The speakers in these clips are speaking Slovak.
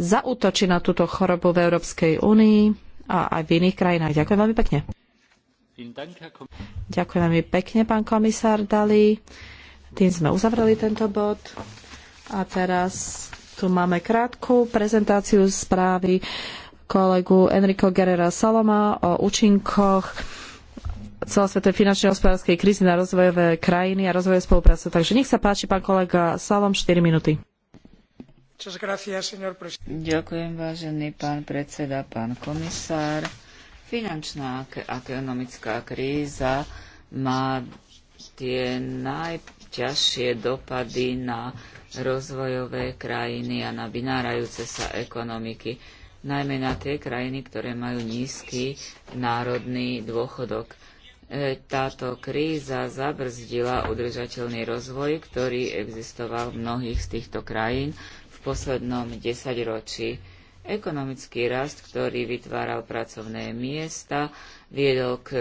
zautočí na túto chorobu v Európskej únii a aj v iných krajinách. Ďakujem veľmi pekne. Ďakujem veľmi pekne, pán komisár Dali. Tým sme uzavreli tento bod. A teraz tu máme krátku prezentáciu správy kolegu Enrico Guerrera Saloma o účinkoch celosvetovej finančnej a hospodárskej krízy na rozvojové krajiny a rozvojové spolupráce. Takže nech sa páči, pán kolega Salom, 4 minúty. Ďakujem, vážený pán predseda, pán komisár. Finančná a ekonomická kríza má tie najťažšie dopady na rozvojové krajiny a na vynárajúce sa ekonomiky, najmä na tie krajiny, ktoré majú nízky národný dôchodok. E, táto kríza zabrzdila udržateľný rozvoj, ktorý existoval v mnohých z týchto krajín, poslednom desaťročí. Ekonomický rast, ktorý vytváral pracovné miesta, viedol k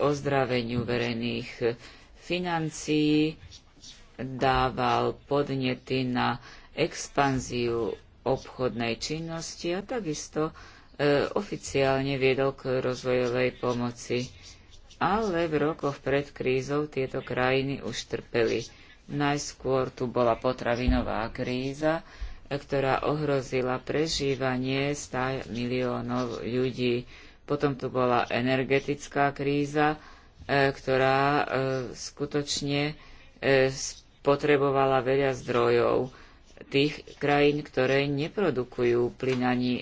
ozdraveniu verejných financií, dával podnety na expanziu obchodnej činnosti a takisto e, oficiálne viedol k rozvojovej pomoci. Ale v rokoch pred krízou tieto krajiny už trpeli. Najskôr tu bola potravinová kríza, ktorá ohrozila prežívanie 100 miliónov ľudí. Potom tu bola energetická kríza, e, ktorá e, skutočne e, potrebovala veľa zdrojov tých krajín, ktoré neprodukujú plyn ani,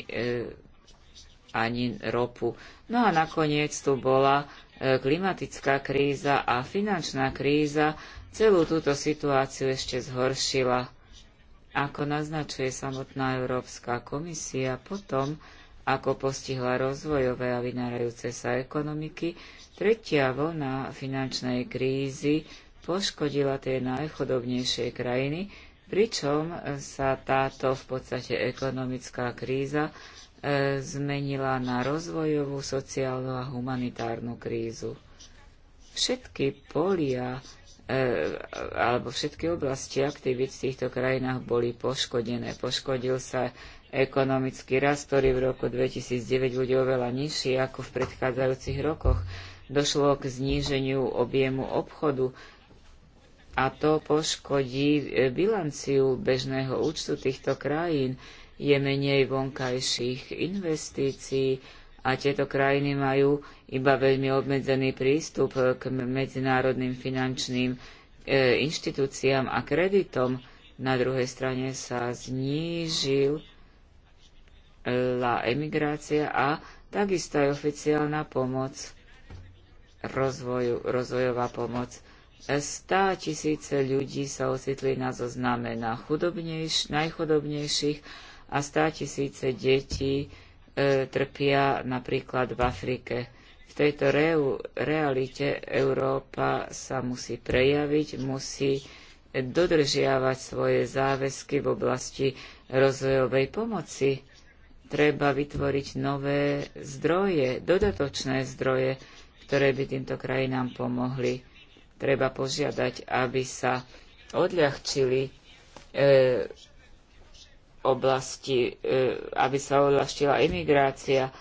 ani ropu. No a nakoniec tu bola klimatická kríza a finančná kríza, celú túto situáciu ešte zhoršila. Ako naznačuje samotná Európska komisia, potom, ako postihla rozvojové a vynárajúce sa ekonomiky, tretia vlna finančnej krízy poškodila tie najchodobnejšie krajiny, pričom sa táto v podstate ekonomická kríza e, zmenila na rozvojovú, sociálnu a humanitárnu krízu. Všetky polia E, alebo všetky oblasti aktivít v týchto krajinách boli poškodené. Poškodil sa ekonomický rast, ktorý v roku 2009 bude oveľa nižší ako v predchádzajúcich rokoch. Došlo k zníženiu objemu obchodu a to poškodí e, bilanciu bežného účtu týchto krajín. Je menej vonkajších investícií, a tieto krajiny majú iba veľmi obmedzený prístup k medzinárodným finančným e, inštitúciám a kreditom. Na druhej strane sa znížila e, emigrácia a takisto aj oficiálna pomoc, rozvoju, rozvojová pomoc. 100 tisíce ľudí sa ocitli na zozname na najchudobnejších a 100 tisíce detí E, trpia napríklad v Afrike. V tejto realite Európa sa musí prejaviť, musí dodržiavať svoje záväzky v oblasti rozvojovej pomoci. Treba vytvoriť nové zdroje, dodatočné zdroje, ktoré by týmto krajinám pomohli. Treba požiadať, aby sa odľahčili e, oblasti, e, aby sa odľaštila imigrácia,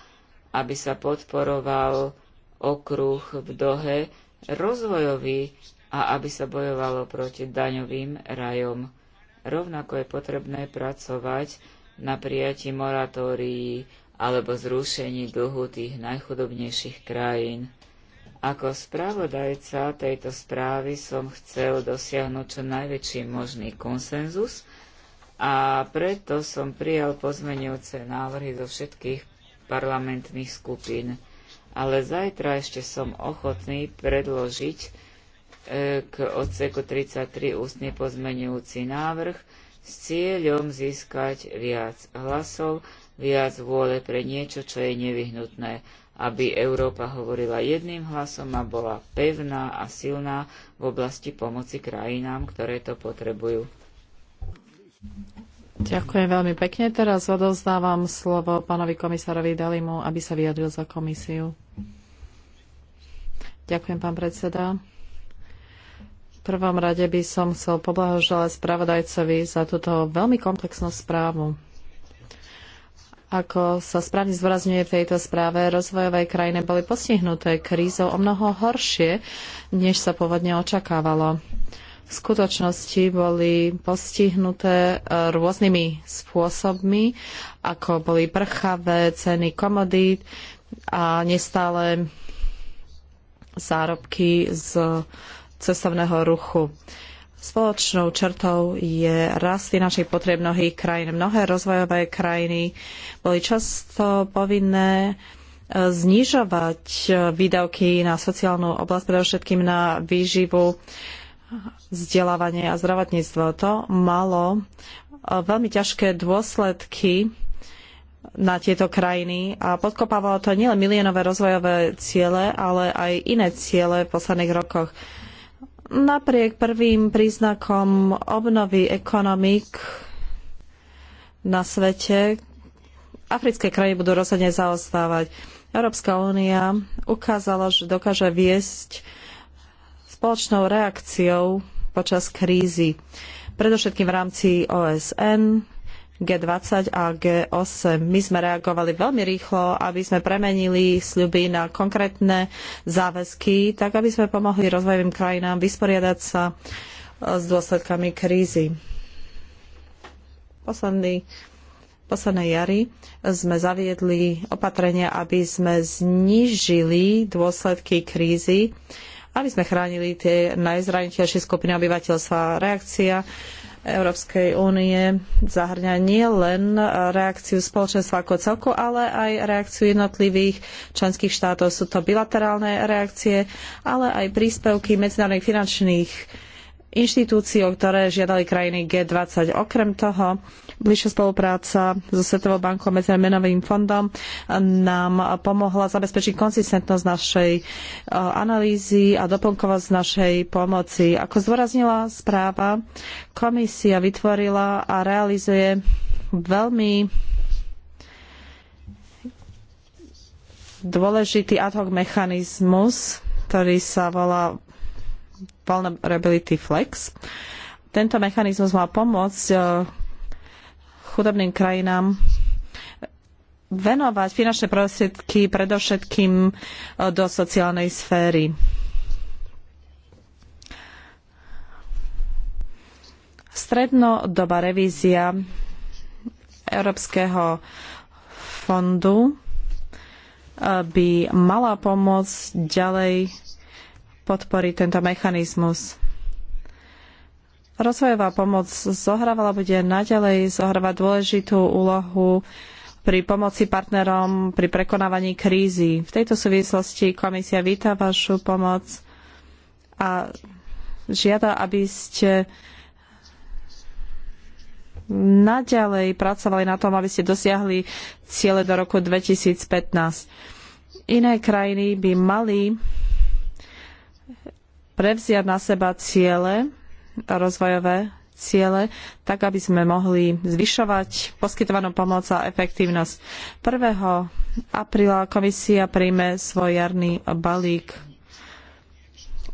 aby sa podporoval okruh v Dohe rozvojový a aby sa bojovalo proti daňovým rajom. Rovnako je potrebné pracovať na prijatí moratórií alebo zrušení dlhu tých najchudobnejších krajín. Ako spravodajca tejto správy som chcel dosiahnuť čo najväčší možný konsenzus, a preto som prijal pozmeňujúce návrhy zo všetkých parlamentných skupín. Ale zajtra ešte som ochotný predložiť e, k odseku 33 ústny pozmenujúci návrh s cieľom získať viac hlasov, viac vôle pre niečo, čo je nevyhnutné, aby Európa hovorila jedným hlasom a bola pevná a silná v oblasti pomoci krajinám, ktoré to potrebujú. Ďakujem veľmi pekne. Teraz odozdávam slovo pánovi komisárovi Dalimu, aby sa vyjadril za komisiu. Ďakujem, pán predseda. V prvom rade by som chcel poblahoželať spravodajcovi za túto veľmi komplexnú správu. Ako sa správne zdôrazňuje v tejto správe, rozvojové krajiny boli postihnuté krízou o mnoho horšie, než sa pôvodne očakávalo v skutočnosti boli postihnuté e, rôznymi spôsobmi, ako boli prchavé ceny komodít a nestále zárobky z cestovného ruchu. Spoločnou črtou je rast finančnej potrieb mnohých krajín. Mnohé rozvojové krajiny boli často povinné e, znižovať e, výdavky na sociálnu oblasť, predovšetkým na výživu vzdelávanie a zdravotníctvo. To malo e, veľmi ťažké dôsledky na tieto krajiny a podkopávalo to nielen miliónové rozvojové ciele, ale aj iné ciele v posledných rokoch. Napriek prvým príznakom obnovy ekonomik na svete, africké krajiny budú rozhodne zaostávať. Európska únia ukázala, že dokáže viesť spoločnou reakciou počas krízy, predovšetkým v rámci OSN, G20 a G8. My sme reagovali veľmi rýchlo, aby sme premenili sľuby na konkrétne záväzky, tak aby sme pomohli rozvojovým krajinám vysporiadať sa e, s dôsledkami krízy. Posledný, posledné jary sme zaviedli opatrenia, aby sme znížili dôsledky krízy aby sme chránili tie najzraniteľšie skupiny obyvateľstva. Reakcia Európskej únie zahŕňa nielen reakciu spoločenstva ako celku, ale aj reakciu jednotlivých členských štátov. Sú to bilaterálne reakcie, ale aj príspevky medzinárodných finančných inštitúciou, ktoré žiadali krajiny G20. Okrem toho, bližšia spolupráca so Svetovou bankou a menovým fondom nám pomohla zabezpečiť konsistentnosť našej e, analýzy a doplnkovosť našej pomoci. Ako zdôraznila správa, komisia vytvorila a realizuje veľmi dôležitý ad hoc mechanizmus, ktorý sa volá Vulnerability Flex. Tento mechanizmus mal pomôcť e, chudobným krajinám venovať finančné prostriedky predovšetkým e, do sociálnej sféry. Strednodobá revízia Európskeho fondu e, by mala pomôcť ďalej podporiť tento mechanizmus. Rozvojová pomoc zohrávala, bude naďalej zohrávať dôležitú úlohu pri pomoci partnerom pri prekonávaní krízy. V tejto súvislosti komisia víta vašu pomoc a žiada, aby ste naďalej pracovali na tom, aby ste dosiahli ciele do roku 2015. Iné krajiny by mali prevziať na seba ciele, rozvojové ciele, tak aby sme mohli zvyšovať poskytovanú pomoc a efektívnosť. 1. apríla komisia príjme svoj jarný balík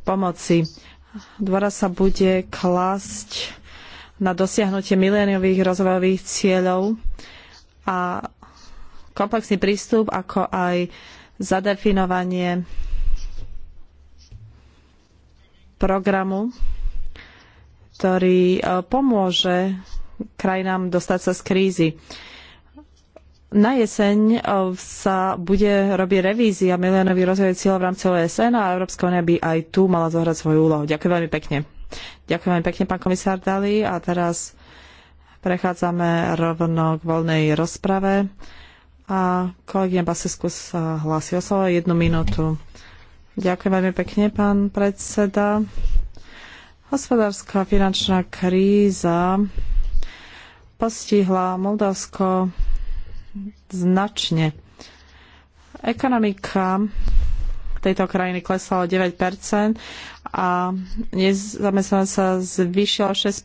pomoci. Dvora sa bude klásť na dosiahnutie miléniových rozvojových cieľov a komplexný prístup, ako aj zadefinovanie programu, ktorý e, pomôže krajinám dostať sa z krízy. Na jeseň e, sa bude robiť revízia miliónový rozvoj cieľov v rámci OSN a Európska únia by aj tu mala zohrať svoju úlohu. Ďakujem veľmi pekne. Ďakujem veľmi pekne, pán komisár Dali. A teraz prechádzame rovno k voľnej rozprave. A kolegyňa Basesku sa hlási o slovo jednu minútu. Ďakujem veľmi pekne, pán predseda. Hospodárska finančná kríza postihla Moldavsko značne. Ekonomika tejto krajiny klesla o 9 a nezamestnanosť sa zvýšila 6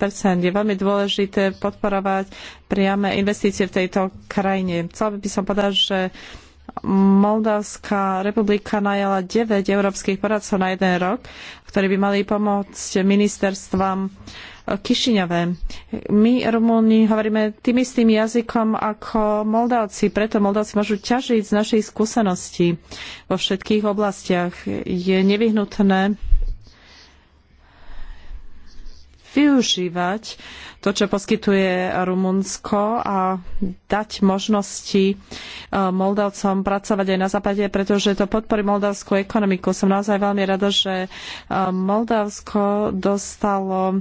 Je veľmi dôležité podporovať priame investície v tejto krajine. Chcela by som povedať, že Moldavská republika najala 9 európskych poradcov na jeden rok, ktorí by mali pomôcť ministerstvám Kišiňové. My, Rumúni, hovoríme tým istým jazykom ako Moldavci, preto Moldavci môžu ťažiť z našich skúseností vo všetkých oblastiach. Je nevyhnutné využívať to, čo poskytuje Rumunsko a dať možnosti e, Moldavcom pracovať aj na západe, pretože to podporí moldavskú ekonomiku. Som naozaj veľmi rada, že e, Moldavsko dostalo e,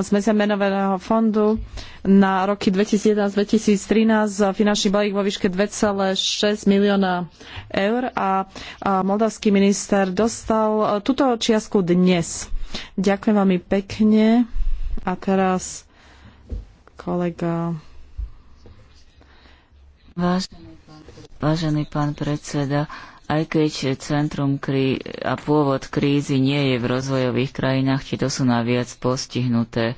z mezemenového fondu na roky 2011-2013 finančný balík vo výške 2,6 milióna eur a moldavský minister dostal túto čiastku dnes. Ďakujem veľmi pekne. A teraz kolega. Vážený pán, predseda, aj keď centrum krí- a pôvod krízy nie je v rozvojových krajinách, či to sú naviac postihnuté,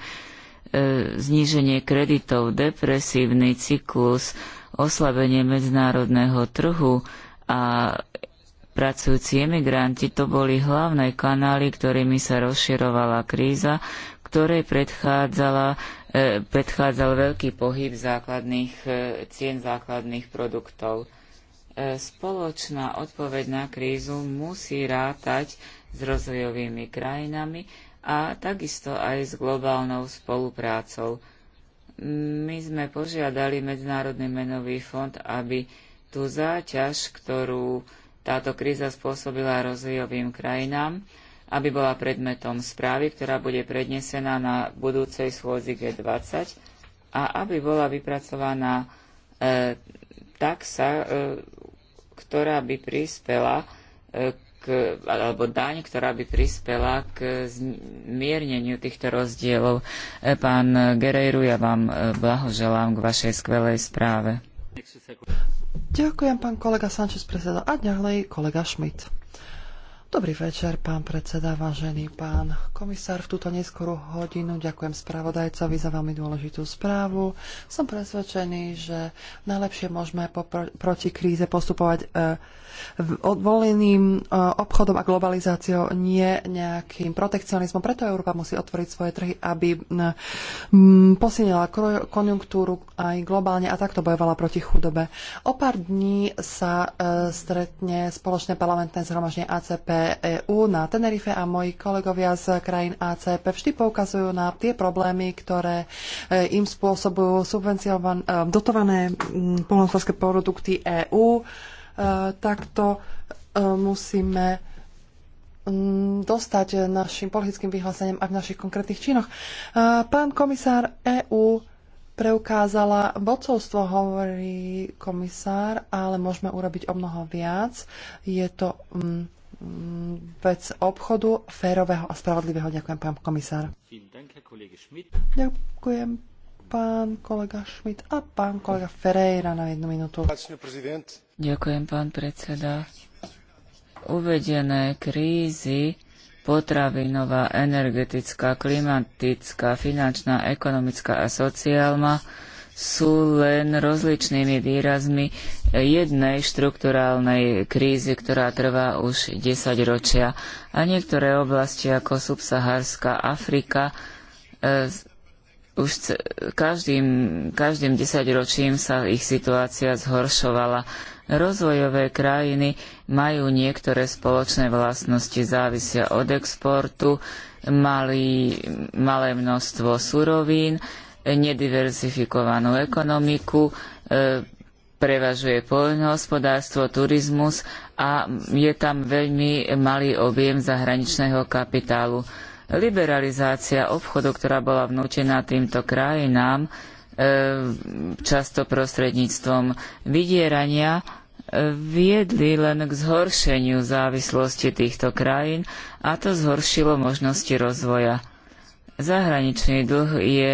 e, zníženie kreditov, depresívny cyklus, oslabenie medzinárodného trhu a Pracujúci emigranti to boli hlavné kanály, ktorými sa rozširovala kríza, ktorej predchádzala, eh, predchádzal veľký pohyb základných, eh, cien základných produktov. Eh, spoločná odpoveď na krízu musí rátať s rozvojovými krajinami a takisto aj s globálnou spoluprácou. My sme požiadali Medzinárodný menový fond, aby tú záťaž, ktorú táto kríza spôsobila rozvojovým krajinám, aby bola predmetom správy, ktorá bude prednesená na budúcej schôdzi G20 a aby bola vypracovaná e, taxa, e, ktorá by prispela e, k, alebo daň, ktorá by prispela k zmierneniu týchto rozdielov. E, pán Gerejru, ja vám e, blahoželám k vašej skvelej správe. Ďakujem, pán kolega Sanchez predseda, A ďalej kolega Schmidt. Dobrý večer, pán predseda, vážený pán komisár. V túto neskorú hodinu ďakujem spravodajcovi za veľmi dôležitú správu. Som presvedčený, že najlepšie môžeme popr- proti kríze postupovať e, odvoleným e, obchodom a globalizáciou, nie nejakým protekcionizmom. Preto Európa musí otvoriť svoje trhy, aby m, posilnila konjunktúru aj globálne a takto bojovala proti chudobe. O pár dní sa e, stretne spoločné parlamentné zhromaždenie ACP EÚ na Tenerife a moji kolegovia z krajín ACP vždy poukazujú na tie problémy, ktoré e, im spôsobujú e, dotované mm, polnohospodárske produkty EÚ. E, takto musíme mm, dostať našim politickým vyhlásením a v našich konkrétnych činoch. Pán komisár EÚ preukázala vodcovstvo, hovorí komisár, ale môžeme urobiť o mnoho viac. Je to um, Mm, vec obchodu, férového a spravodlivého. Ďakujem, pán komisár. Ďakujem, pán kolega Schmidt a pán kolega Ferreira na jednu minútu. Ďakujem, pán predseda. Uvedené krízy potravinová, energetická, klimatická, finančná, ekonomická a sociálna sú len rozličnými výrazmi jednej štrukturálnej krízy, ktorá trvá už 10 ročia. A niektoré oblasti ako subsahárska Afrika e, už každým, každým desaťročím sa ich situácia zhoršovala. Rozvojové krajiny majú niektoré spoločné vlastnosti, závisia od exportu, mali, malé množstvo surovín, nediverzifikovanú ekonomiku, e, prevažuje poľnohospodárstvo, turizmus a je tam veľmi malý objem zahraničného kapitálu. Liberalizácia obchodu, ktorá bola vnútená týmto krajinám, e, často prostredníctvom vydierania, e, viedli len k zhoršeniu závislosti týchto krajín a to zhoršilo možnosti rozvoja. Zahraničný dlh je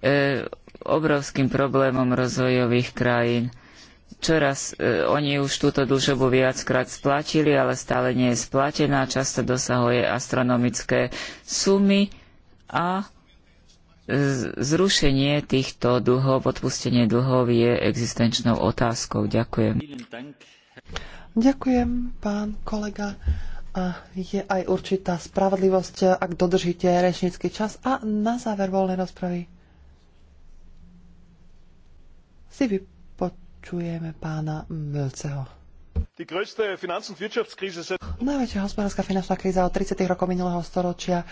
E, obrovským problémom rozvojových krajín. Čoraz e, oni už túto dlžobu viackrát splatili, ale stále nie je splatená, často dosahuje astronomické sumy a zrušenie týchto dlhov, odpustenie dlhov je existenčnou otázkou. Ďakujem. Ďakujem, pán kolega. A je aj určitá spravodlivosť, ak dodržíte rečnícky čas. A na záver voľnej rozpravy si vypočujeme pána Mlceho. Najväčšia hospodárska finančná kríza od 30. rokov minulého storočia,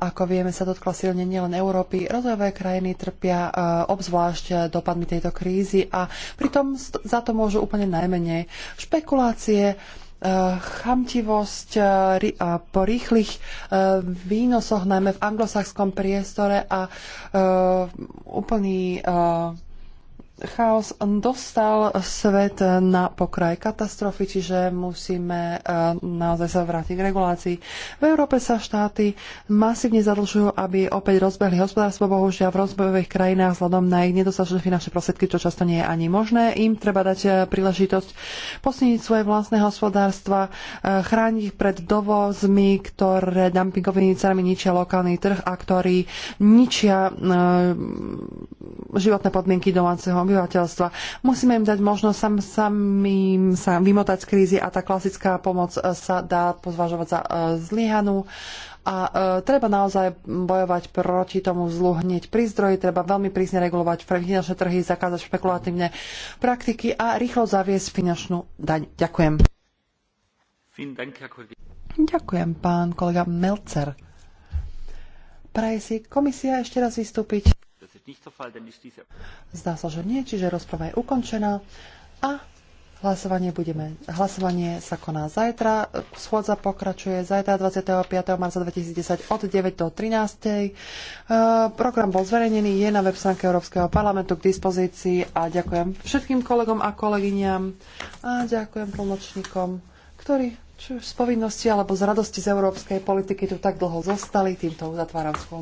ako vieme, sa dotkla silne nielen Európy. Rozvojové krajiny trpia obzvlášť dopadmi tejto krízy a pritom za to môžu úplne najmenej. Špekulácie, chamtivosť po rýchlych výnosoch, najmä v anglosaxskom priestore a úplný chaos dostal svet na pokraj katastrofy, čiže musíme e, naozaj sa vrátiť k regulácii. V Európe sa štáty masívne zadlžujú, aby opäť rozbehli hospodárstvo, bohužiaľ v rozbojových krajinách vzhľadom na ich nedostatočné finančné prostriedky, čo často nie je ani možné. Im treba dať e, príležitosť posilniť svoje vlastné hospodárstva, e, chrániť ich pred dovozmi, ktoré dumpingovými cenami ničia lokálny trh a ktorí ničia životné podmienky domáceho obyvateľstva. Musíme im dať možnosť sam, samým sa vymotať z krízy a tá klasická pomoc e, sa dá pozvažovať za e, zlyhanú. A e, treba naozaj bojovať proti tomu zlu hneď pri zdroji, treba veľmi prísne regulovať finančné trhy, zakázať špekulatívne praktiky a rýchlo zaviesť finančnú daň. Ďakujem. Ďakujem, pán kolega Melcer. Praje si komisia ešte raz vystúpiť? Zdá sa, že nie, čiže rozprava je ukončená a hlasovanie, budeme, hlasovanie sa koná zajtra. Schôdza pokračuje zajtra 25. marca 2010 od 9 do 13. E, program bol zverejnený, je na web stránke Európskeho parlamentu k dispozícii a ďakujem všetkým kolegom a kolegyňam a ďakujem tlmočníkom, ktorí či už z povinnosti alebo z radosti z európskej politiky tu tak dlho zostali. Týmto uzatváram schôdzu.